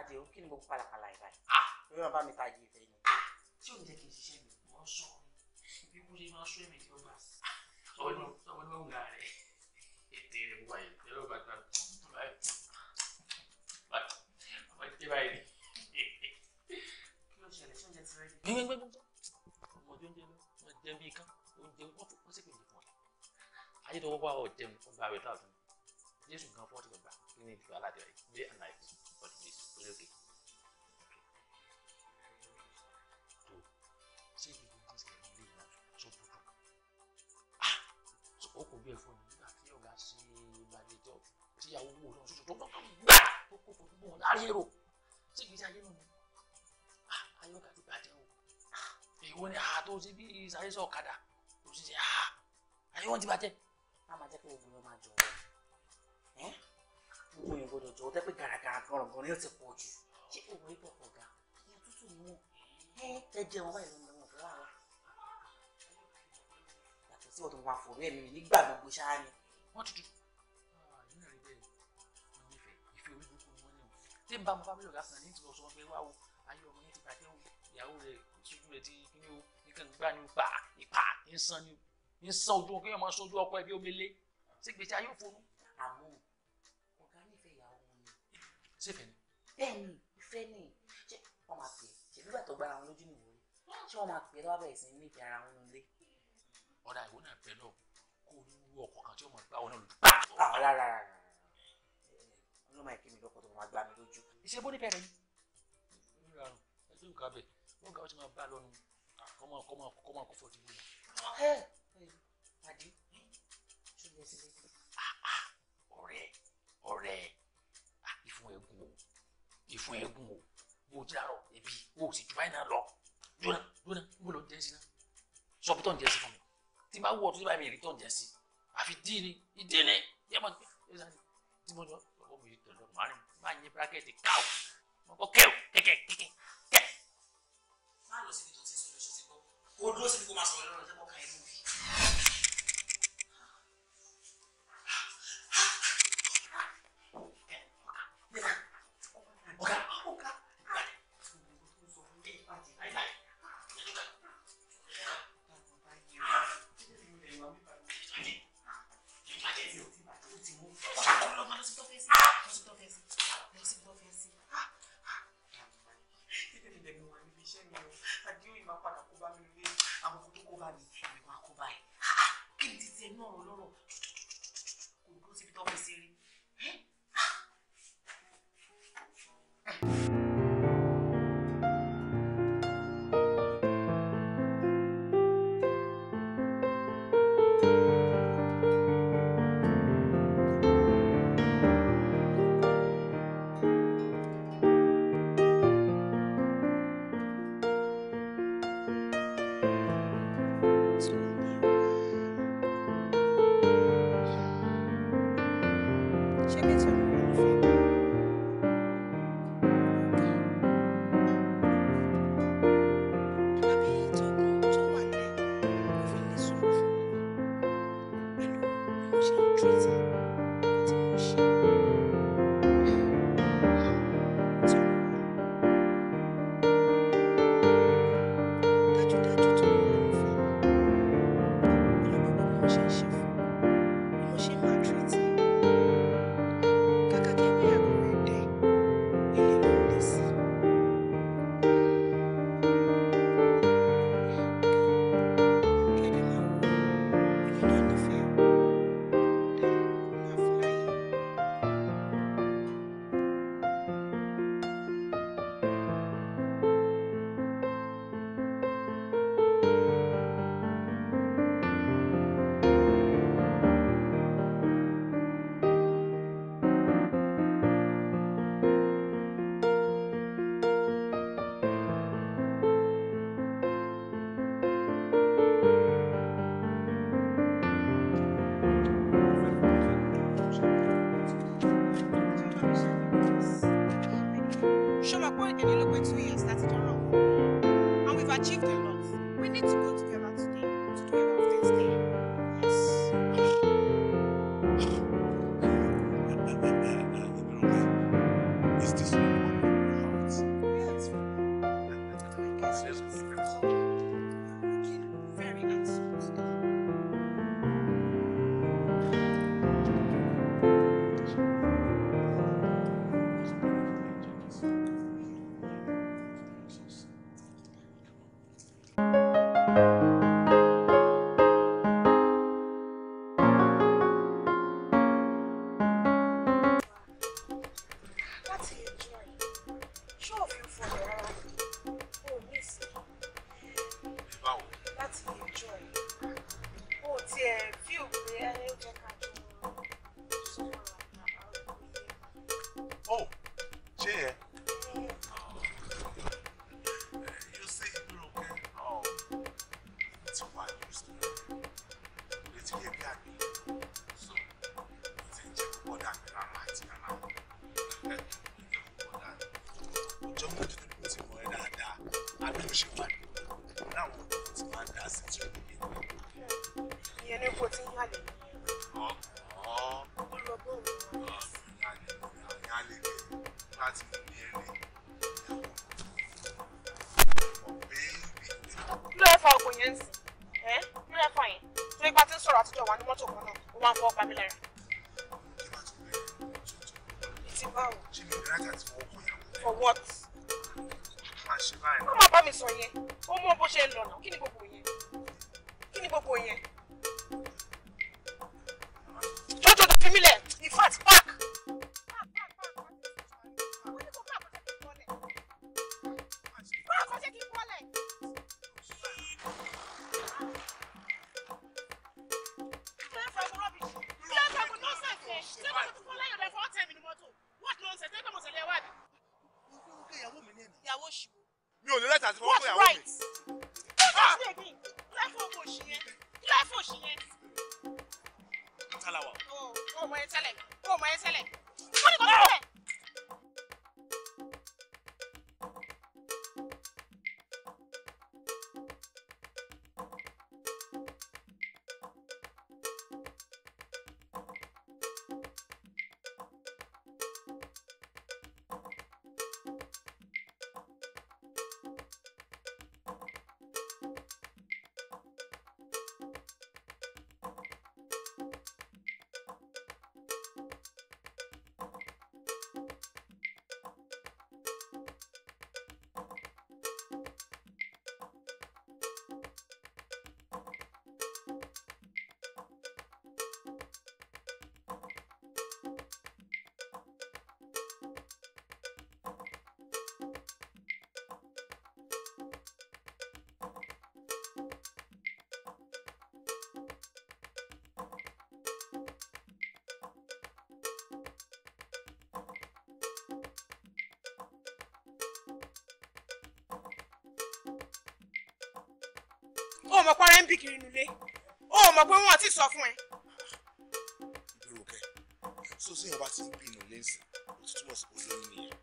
àdìo kí ni gbogbo pàlàpàlà ìgbà yìí. lórí wọn ah! bá mi tají ìfẹ́ ni. tí ò ní jẹ́ kí n ṣiṣẹ́ mi mọ́ sọ̀rọ̀ bí kú ṣe máa sún èmi tí ó gbà sí. ọdún ọdún ló ń ga rẹ̀ ètè rẹ̀ wà yìí ẹ̀rọ bàtà bàtà báyìí kí ló ṣẹlẹ̀ ṣé oúnjẹ ti rẹ́ ni. gbẹgbẹgbẹ ọmọdé oúnjẹ lọ wọn jẹ bí kán oúnjẹ wọn fún wọn sì pè é fún ayé tó wọ́pọ̀ àwọn ọ̀jẹun fún fún ọtí ìyàwó wò lọ sọsọ tó bá wà wúlò tó kó fojú bò wọn láàrin èrò ṣé kìí ṣe ayé nù ah, ayọ́ka ti bàjẹ́ o ah, èwo ni àá ah, tó ṣe bí ìṣàyẹ̀sọ̀ ọ̀kadà tó ṣe ṣe àá ayé wọn ti bàjẹ́ a máa jẹ́ pé obìnrin máa jọ wọ́n ẹ́ gbogbo yẹn gbọ́dọ̀ jọ tẹ́ pé gàràgàrà gan-an gan-an yóò ti pọ̀ jù ṣé obìnrin pọ̀ pọ̀ ga ìyẹn tútù ni wọn ẹ jẹun báyìí ló ń lọ fún wàhálà yàtọ̀ sí ọ̀dọ̀ wọn àfọ̀rẹ́ mi nígbà gbogbo ṣáá ni wọ́n ti dùn tí n bá mo fámílì ọ̀gá sàn ní ìtìlọ sọ pé wá o ayé ọmọ yẹn ti bàjẹ́ o ìyàwó rẹ̀ ìtújú rẹ̀ ti kíní o nìkan gbá ni o pa ìpa ìsan ni o ìsan ojú ọkọ yẹn máa sojú ọkọ ẹ bí omi lé ṣé gbèsè ayé òfurufú. àmọ́ ọ̀gá nífẹ̀ẹ́ ìyàwó wọn ni. ṣé ìfẹ́ ni. bẹ́ẹ̀ni ìfẹ́ ni ṣé wọn máa pè é ṣe bí bàtọ gbára wọn lójú nìwò rí ṣé wọn máa pè é lọ́wọ́ bẹ̀rẹ̀ sí ní ìfẹ́ ara wọn nílé. ọ̀dà o ní ló máa kí mi lọ́kọ̀ tó máa gbá mi lójú. iṣẹ́ bó ní bẹ̀rẹ̀ ni. ìrànù ẹjọ́ nǹkan abẹ wọn kà ó ti máa bá a lọ́nu kọ́mọ kọ́mọ kọ́mọ kò fọ́ dìbò yẹn. pàdé ṣùgbọ́n ẹsẹ̀ lẹ́sẹ̀. ọ̀rẹ́ ọ̀rẹ́ ìfún ẹ̀gún o ìfún ẹ̀gún o bó járọ̀ ẹbí o sì jù báyìí náà lọ jóná jóná mo lọ jẹ́ sí náà sọ bí jẹ́ sí fún mi tí bá wù tó ti bá mi rí tó jẹ́ sí àfi díì ni ìdí ni yẹ́n mọ̀ tí mo jọ màá rìn máa yẹ bírákẹ́tì káw ọkọ kẹw kẹkẹ kẹkẹ kẹ. má lọ síbi tó ti sọ lóṣù tí gbọ́ kó dúró síbi kó máa sọ̀rọ̀ lọ́rọ̀ tẹ́kọ̀ọ́ ká ẹ̀ mú Sure, ṣọlọ́pọ̀ èdè nílò pé two years láti jọ ràn wọ́n and we have achieved a lot we need to go together. What's right? o mọ̀ pọ́nrẹ́ ń bì kiri nulẹ̀ o mọ̀ pé wọ́n ti sọ fún ẹ. ìgbéròkè so sí ìyọba ti ń bì nulẹ̀ nsìn o ti túbọ̀ sí olóyún nìyẹn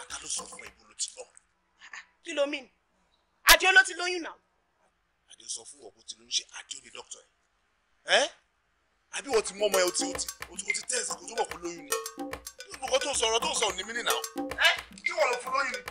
ata ló sọ fún ẹ ibo ló ti lọ. Ah, kí ló mìn adé ló ti lóyún náà. adé sọ fún ọkọ tí ló ń ṣe adé ní dókítà ẹ àbí o ti mú ọmọ ẹ o ti o ti tẹ ẹsẹ kó tó mọ̀ kó lóyún ni gbogbo tó sọ̀rọ̀ tó sọ̀rọ̀ ní mí nìyà ẹ kí wọn lọ fún lóyún ni.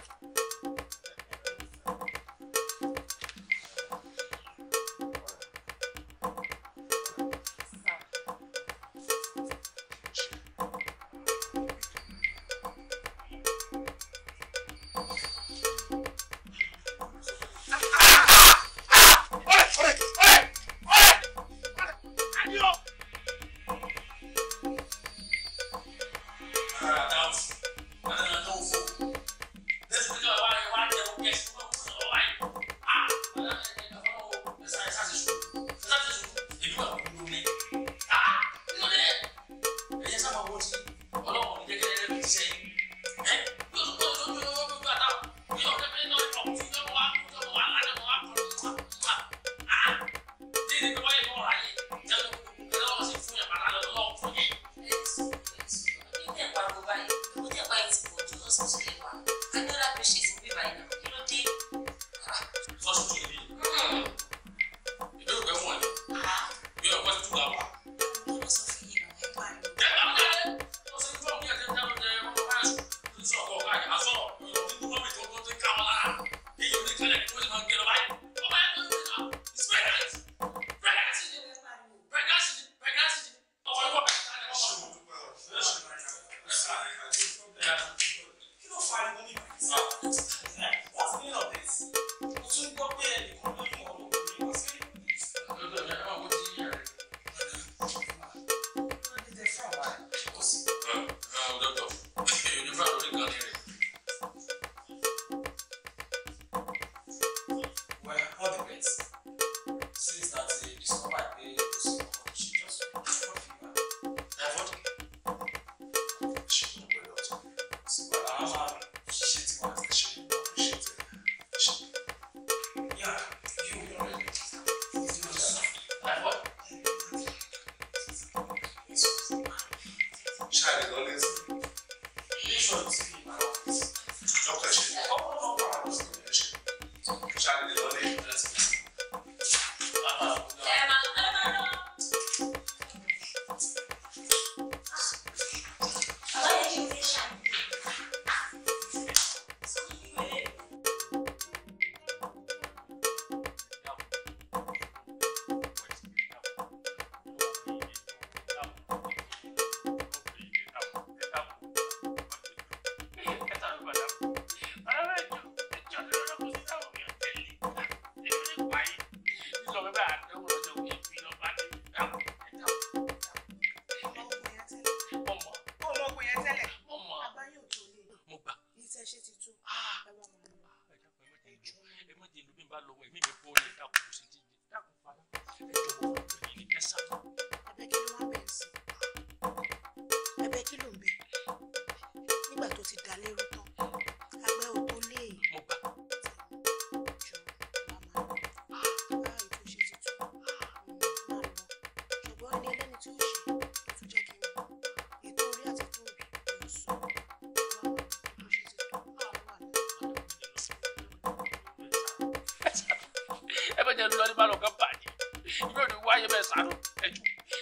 ẹ sànú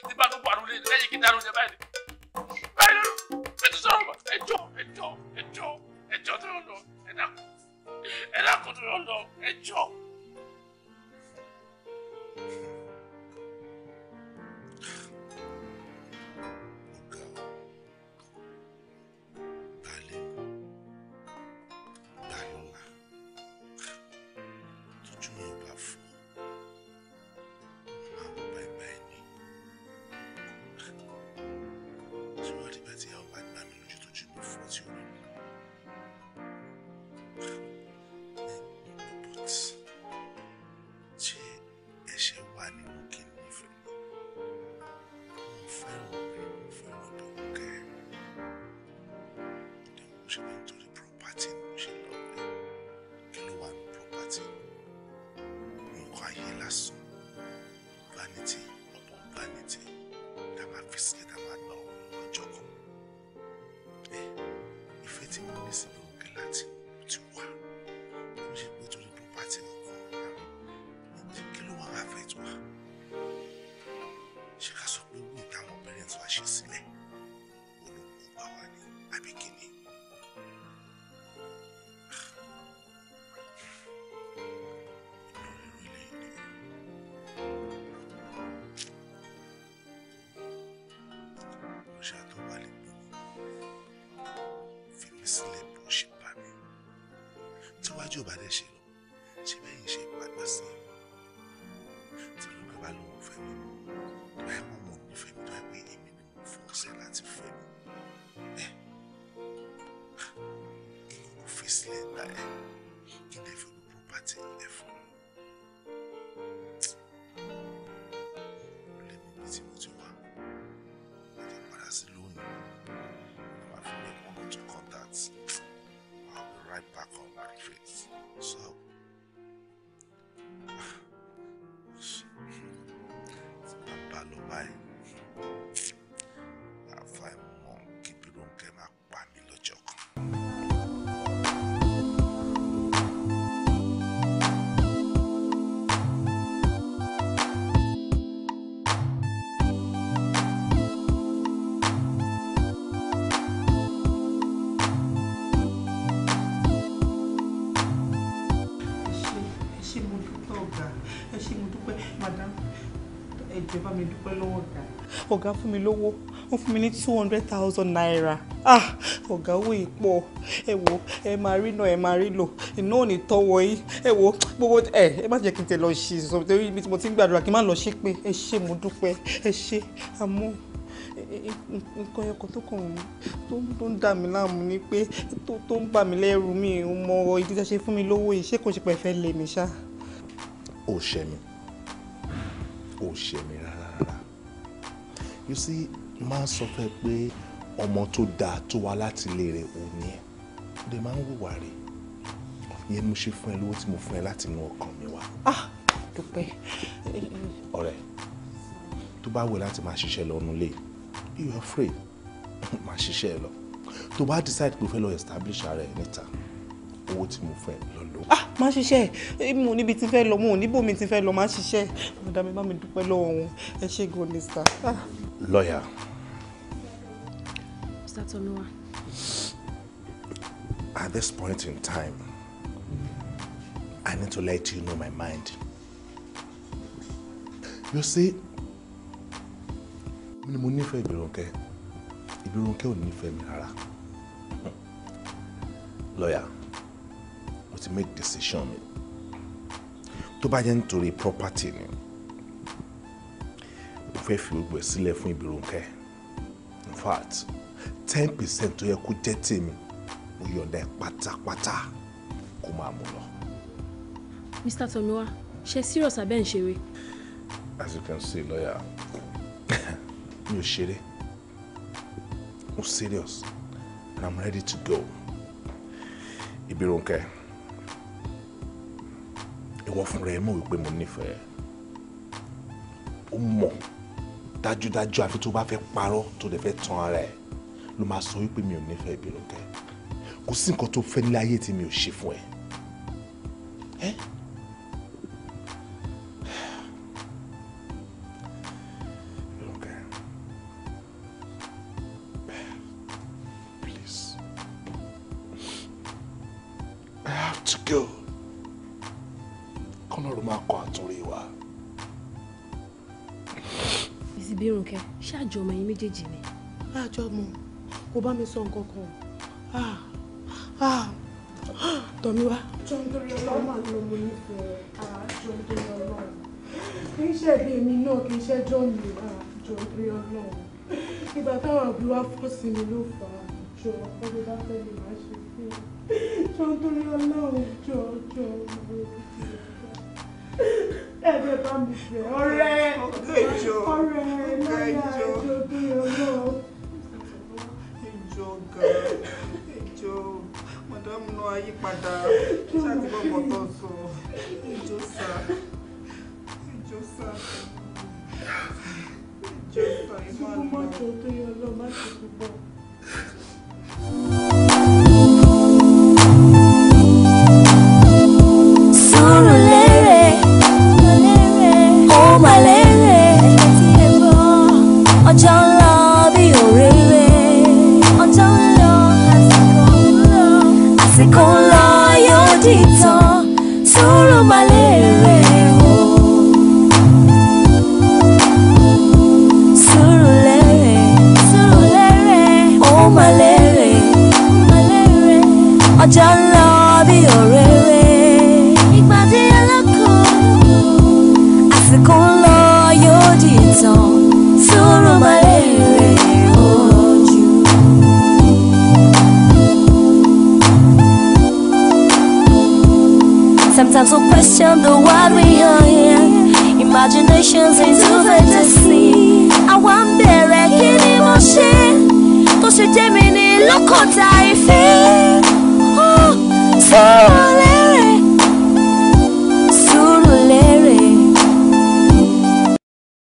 ẹjọ tó pàrọ̀ lẹ́yìn kí dáró jẹ báyìí bracelet a máa gbà ọ́ lọ́jọ́ kan 就摆这些。mi dúpẹ́ lọ́wọ́ ọ̀gá. ọ̀gá fún mi lówó wọ́n fún mi ní two hundred thousand naira ah ọ̀gá owó yìí pọ̀ ẹ wo ẹ máa rí náà ẹ máa rí lò iná ò ní tọ́wọ́ yín ẹ wo gbogbo ẹ ẹ má jẹ́ kí n tẹ̀ lọ ṣe sọ torí ibi tí mo ti ń gbàdúrà kí n má lọ ṣe pé ẹ ṣé mo dúpẹ́ ẹ ṣé àmọ́ nǹkan ẹ̀kọ́ tó kàn mí tó ń dà mí láàmú ni pé tó ń bà mí lẹ́rù mi ò mọ ìdí tí a ṣe fún mi lówó yìí ṣé kò ṣe pé ẹ fẹ́ lé mi ṣá. ò ṣẹ́ mi ò ṣẹ́ mi rárá you see máa sọ fẹ́ pé ọmọ tó dáa tó wá láti ilé rẹ̀ ò ní ẹ̀ ó dẹ̀ máa ń wùwà rẹ̀ ìyẹn mo ṣe fún ẹ lówó tí mo fún ẹ láti inú ọkàn mi wá. ah dúpẹ́. ọ̀rẹ́ tó bá wẹ̀ láti máa ṣiṣẹ́ lọ nulẹ̀ you are free máa ṣiṣẹ́ lọ tó bá decide pé o fẹ́ lọ establish ara ẹ níta owó tí mo fẹ́ lọ lọ. ah máa ṣiṣẹ́ mo níbi tí fẹ́ lọ mo ò níbo mi ti fẹ́ lọ máa ṣiṣẹ́ madam ẹ bá mi dúpẹ́ lọ́wọ́ wọn ẹ ṣé gan ni sir lawyer. Mr. Tolua. At this point in time, I need to let you know my mind. You see, mi ni mo nífẹ̀ẹ́ Ìbírúnkẹ́, Ìbírúnkẹ́ ò nífẹ̀ẹ́ mi rárá. Lawyer, mo ti make decision mi. Tó bá jẹ́ nítorí property ni fẹ́ fi gbogbo ẹ̀ sílẹ̀ fún Ìbírónkẹ́ in fact ten percent tó yẹ kó jẹ́ tèmi mo yọ̀ǹda ẹ̀ pátápátá kó máa mú lọ. Mr. Tomiwa ṣe serious abẹ́ ń ṣeré. as you can see lawyer mi ò ṣeré mo serious and i'm ready to go. Ìbírónkẹ́ ìwọ fúnra ẹ mọ̀ wípé mo nífẹ̀ẹ́ ó mọ̀ dájúdájú àfi tó bá fẹ́ parọ́ tó dẹ̀ fẹ́ tan ara ẹ̀ ló máa sọ wípé mi ò nífẹ̀ẹ́ Ìbírónkẹ́ kò sí nǹkan tó fẹ́ nílé ayé tí mi ò ṣe fún ẹ. please I have to go kọ́nà ló máa kọ àtúnrí wa àti Bírúnkẹ́ ṣáàjọ ọmọ yín méjèèjì ni. àjọ mọ kò bá mi sọ nǹkan kan o tọ́míwá. jọ ń mo nífẹ̀ẹ́ àjọ ah, ń ọlọ́run kì í ṣẹ̀bi èmi náà kì í ṣẹ́jọ́ mi àjọ ah, ọlọ́run ìgbà táwọn àbúrò afọ́ mi ló fà á jọ ọkọ mi bá ṣe fún un jọ ọlọ́run jọ jọ ọmọ ẹ̀jẹ̀ bá mi fẹ́ ọ̀rẹ́ ọ̀rẹ́ lọ́yà ẹjọ́ tó yọ lọ. ẹjọ́ ga ẹjọ́ mọ̀dàmú náà yípadà ṣáàtì bọ̀bọ̀ tó sọ ẹjọ́ sá ẹjọ́ sá ẹjọ́ sá ìmọ̀ àná. ṣùgbọ́n mọ́tò tó yọ lọ má ṣe púpọ̀. Sometimes we question the world we are in. Imaginations into fantasy. Àwọn bẹ̀rẹ̀ kí ni mo ṣe tó ṣe jẹ́ mi ní lọ́kọ̀ọ́ta ìfẹ́. fall